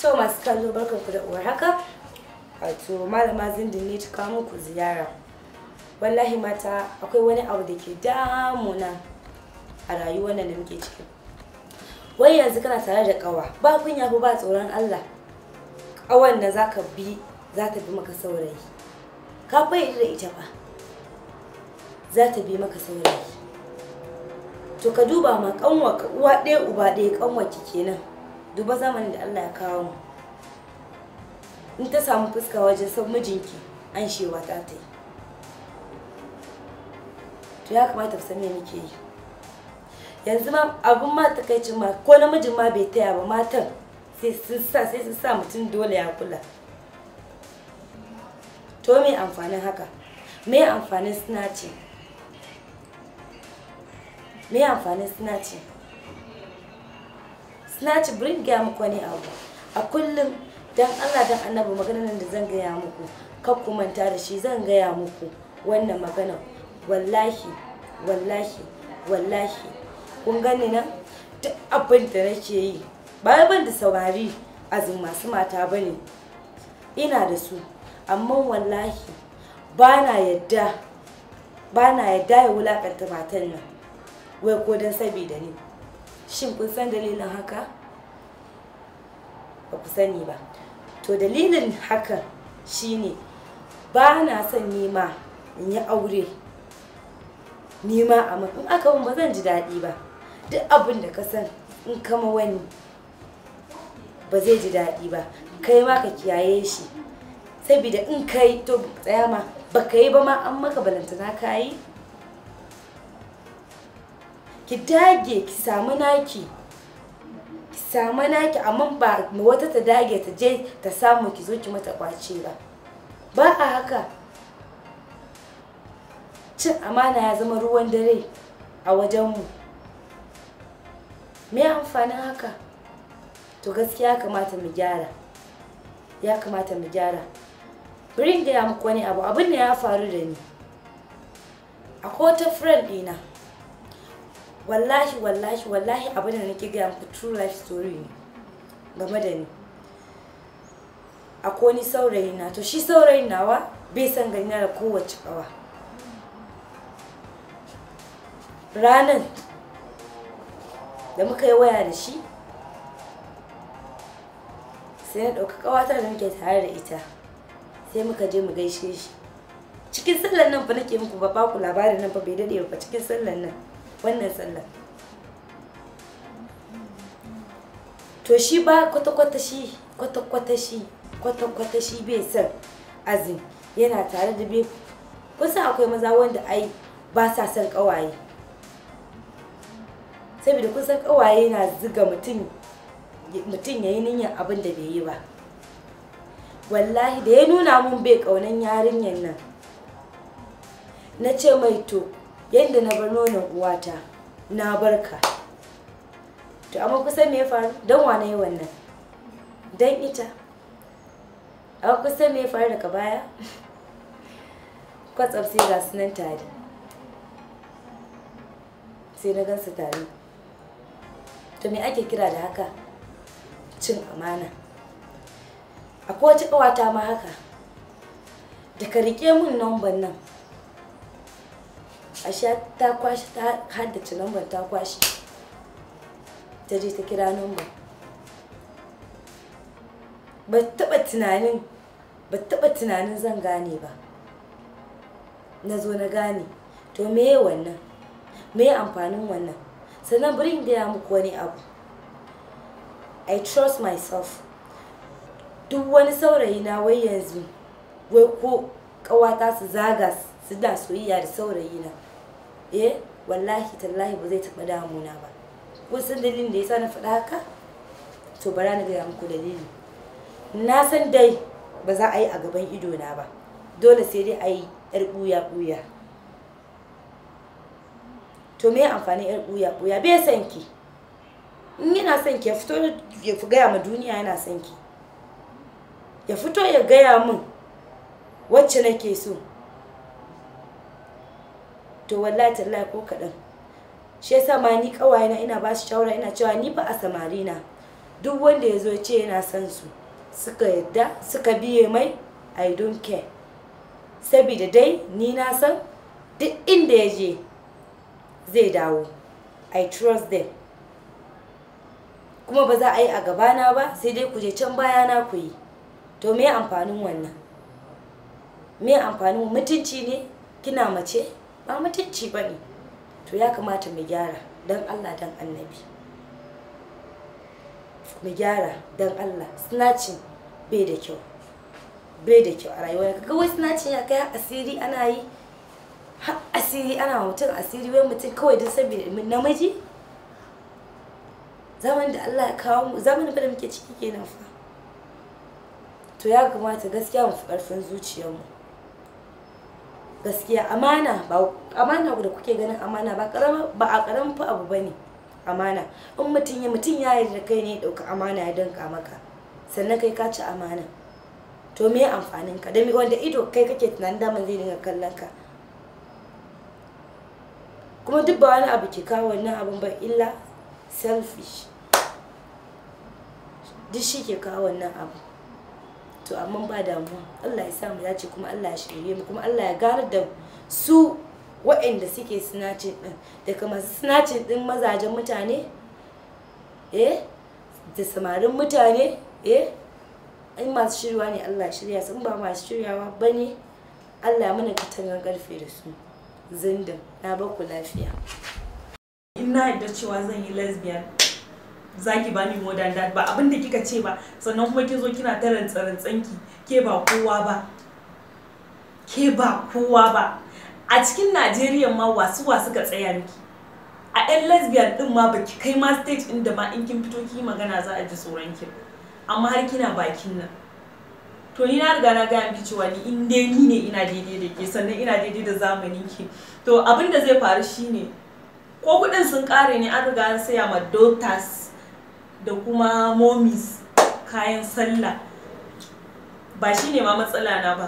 To masu kallo barkanku da uwar haka. Wato malama zindin ne ta kawo muku ziyara. Wallahi mata akwai wani abu da ke damuna a rayuwar nan da muke ciki. Wai yanzu kana tare da kawa ba kunya ko ba tsoron Allah. Kawan da zaka bi za ta bi maka saurayi. Ka fayyade da ita ba. Za ta bi maka saurayi. To ka duba ma kanwa uwa ɗaya uba ɗaya kanwa ki kenan. duba zamanin da Allah ya kawo mu in ta samu fuska wajen san mijinki an shewa ta ta yi to ya kamata ku san me muke yi yanzu ma abun ma ta takaicin ma ko namijin ma bai taya ba matan sai sun sa sai sun sa mutum dole ya kula to me amfanin haka me amfanin suna ce me amfanin suna ce snatch bring gaya muku wani abu a kullum dan Allah dan annabi maganar da zan gaya muku kar ku manta da shi zan gaya muku wannan magana wallahi wallahi wallahi kun gani nan duk abin da nake yi ba ban da saurari azin masu mata bane ina da su amma wallahi bana yadda bana yadda ya wulakanta matan nan wai ko don sabida ni shin kun san dalilin haka ba ku sani ba to dalilin haka shine ba na son nima in yi aure nima a in aka mun ba zan ji daɗi ba duk abin da ka san in kama wani ba zai ji daɗi ba kai ma ka kiyaye shi saboda in kai to tsaya ma ba yi ba ma an maka balantana ka yi ki dage ki samu naki ki samu naki amma ba wata ta dage ta je ta samu ki zo ki mata kwace ba ba a haka cin amana ya zama ruwan dare a wajenmu me amfanin haka to gaskiya kamata mu gyara ya kamata mu gyara bring da ya muku wani abu abin da ya faru da ni akwai wata friend ɗina wallahi wallahi wallahi abin da nake gaya muku true life story ne game da ni akwai ni saurayi na to shi saurayin nawa bai san gani na da kowace kawa ranan da muka yi waya da shi sai na ɗauka ƙawata da muke tare da ita sai muka je mu gaishe shi cikin sallan nan fa nake muku ba ku labarin nan fa bai daɗe ba cikin sallan nan wannan sallar to shi ba kwata-kwata shi kwata-kwata shi kwata-kwata shi bai san azin yana tare da bai kusan akwai maza wanda ai ba sa son kawaye saboda kusan kawaye na ziga mutum mutum ya yi niyyar abin da bai yi ba wallahi da ya nuna mun bai kaunan yarinyar nan na ce mai to yadda na bar nonon uwata na barka to amma kusan me ya faru don wane yi wannan don ita amma kusan me ya faru daga baya kwatsam sai ga su nan tare sai na gansu tare to me ake kira da haka cin amana akwai wata ƙawata ma haka da ka riƙe min nomban nan ashe ta kwashi ta haddace lambar ta kwashi ta je ta kira lambar ba taba tunanin ba taba tunanin zan gane ba na zo na gane to meye wannan meye amfanin wannan sannan bari gaya muku wani abu i trust myself duk wani saurayi na wai yanzu wai ko kawata su zaga su da soyayya da saurayi na eh wallahi tallahi ba zai taɓa damuna ba kun san dalilin da yasa na faɗa haka to bara na gaya muku dalili na san dai ba za a yi a gaban ido na ba dole sai dai a yi yar buya-buya. to me amfani yar buya buya bai san ki in yana son ki ya fito ya fi gaya ma duniya yana son ki ya fito ya gaya min wacce nake so to wallahi tallahi ko kaɗan shi yasa ma ni ƙawayena ina ba su shawara ina cewa ni fa a samari na duk wanda ya zo ce yana son su suka yadda suka biye mai i don't care sabida dai ni na san duk inda ya je zai dawo i trust them kuma ba za a yi a gabana ba sai dai ku je can bayana ku yi to me amfanin wannan me amfanin mutunci ne kina mace ba mutunci ba ne to ya kamata mu gyara don allah don annabi mu gyara don allah snatching bai da kyau bai da kyau a rayuwar ka wai snatching ya kai asiri ana yi asiri ana mutum asiri wai mutum kawai don saboda namiji zaman da Allah ya kawo mu zaman da muke ciki kenan fa to ya kamata gaskiya mu fi karfin zuciyarmu gaskiya amana ba amana da kuke ganin amana ba karama ba a karamin fa abu bane amana in mutum ya mutum ya yarda kai ne dauka amana ya danka maka sannan kai ka ci amana to me amfanin ka da wanda ido kai kake tunanin man zai dinga kallon ka kuma duk ba wani abu ke kawo wannan abun ba illa selfish duk shi ke kawo wannan abu to amma ba damuwa Allah ya sa mu dace kuma Allah ya shirye mu kuma Allah ya gara da su waɗanda suke snatching din daga masu snatching din mazajen mutane eh da samarin mutane eh in masu shirwa ne Allah shirya su in ba masu shiryawa ba ne Allah mana katangan ƙarfe da su zindin na ku lafiya ina yadda cewa zan yi lesbian zaki bani more than ba abinda kika ce ba sannan kuma kin zo kina ta ki ke ba kowa ba ke ba kowa ba a cikin Najeriya ma wasu wasu ka tsaya miki a ɗan lesbian din ma baki kai ma stage ɗin da ma in kin fito ki magana za a ji tsoron ki amma har kina bakin nan to ni na riga na gaya miki cewa ni in dai ni ne ina daidai da ke sannan ina daidai da zamanin ki to abin da zai faru shine ko kuɗin sun kare ne an riga an saya ma dotas. da kuma momis kayan sallah ba shi ne ma matsala na ba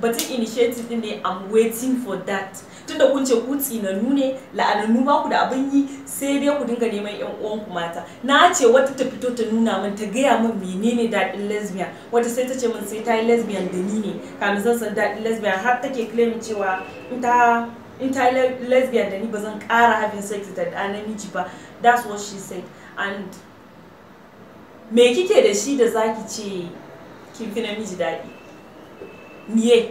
batun initiative din ne i'm waiting for that tunda kun ce ku tsinanu ne la'anannu ba ku da abin yi sai dai ku dinga neman yan uwanku mata na ce wata ta fito ta nuna min ta gaya min menene daɗin lesbian wata sai ta ce min sai ta yi lesbian da ni ne kamin zan san daɗin lesbian har take claim cewa in ta in ta yi lesbian da ni ba zan ƙara having sex da ɗa namiji ba that's what she said and me kike da shi da zaki ce kin fi namiji daɗi miye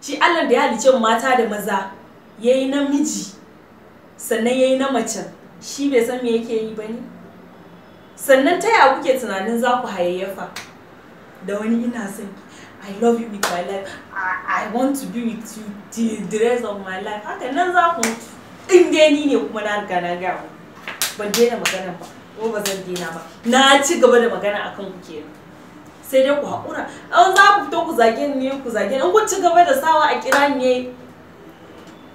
shi allah da ya halice mata da maza ya yi namiji sannan ya yi na macen shi bai san me yake yi ba ne sannan ta ya kuke tunanin za ku hayayyafa da wani ina son I love you with my life. I, I want to be with you the rest of my life. Haka nan za ku in dai ni ne kuma na ga na ban daina magana ba. ko ba zan dina ba na ci gaba da magana akan ku ke sai dai ku haƙura an za ku fito ku zage ni ku zage ni ku ci gaba da sawa a kira ni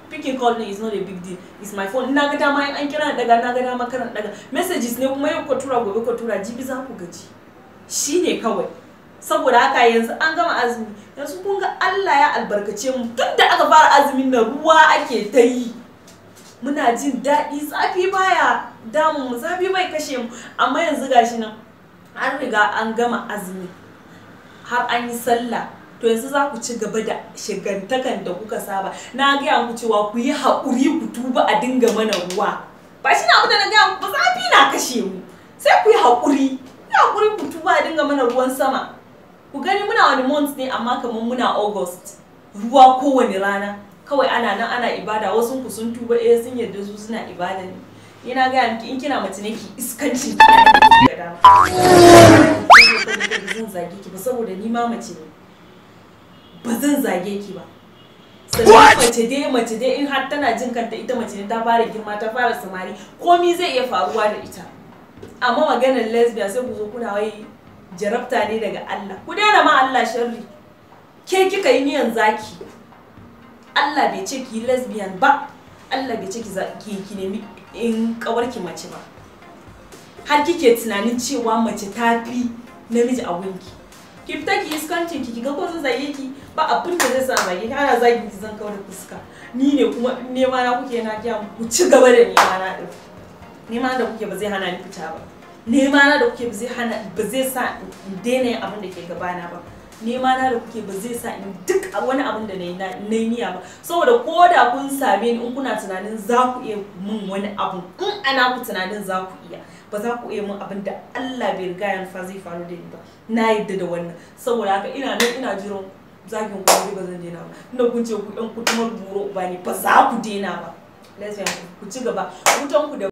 picking call ne is not a big deal is my phone na ga dama an kira na daga na ga dama karan daga messages ne kuma yau ku tura gobe ku tura jibi za ku gaji shine kawai saboda haka yanzu an gama azumi yanzu kun ga Allah ya albarkace mu tunda aka fara azumin nan ruwa ake ta yi muna jin daɗi zafi baya damu mu zafi bai kashe mu amma yanzu gashi nan an riga an gama azumi har an yi sallah to yanzu za ku ci gaba da shigantakan da kuka saba na gaya muku cewa ku yi haƙuri ku tuba a dinga mana ruwa ba shi na abu da na gaya muku zafi na kashe mu sai ku yi haƙuri ku haƙuri ku tuba a dinga mana ruwan sama ku gani muna wani month ne amma kamar muna august ruwa kowane rana kawai ana nan ana ibada wasu ku sun tuba eh sun yarda su suna ibada ne ni na ga in kina mace ne ki iskanci zan zage ki ba saboda ni ma mace ne ba zan zage ki ba mace dai mace dai in har tana jin kanta ita mace ne ta fara girma ta fara samari komi zai iya faruwa da ita amma maganar lesbian sai ku zo kuna wai jarabta ne daga Allah ku daina ma Allah sharri ke kika yi miyan zaki Allah bai ce ki lesbian ba Allah bai ce ki ki nemi in ki mace ba har kike tunanin cewa mace ta fi namiji a wunki ki fita ki iskanci ki ga ko zan zage ki ba abin da zai sa ki ana zagi ki zan kawar fuska ni ne kuma nema na kuke na kiya ku ci gaba da nema na din nema da kuke ba zai hana ni fita ba nema na da kuke ba zai hana ba zai sa in daina yin abin da ke gabana ba nema na da kuke ba zai sa in duk wani abin da na yi niyya ba saboda ko da kun same ni in kuna tunanin za ku iya mun wani abu kun ana ku tunanin za ku iya ba za ku iya mun abin da Allah bai riga ya fa zai faru da ni ba na yadda da wannan saboda haka ina nan ina jiran zagin ku ba zan daina ba ina kun ce ku ɗan kutumar buro ba ne ba za ku daina ba lazima ku ci gaba ku da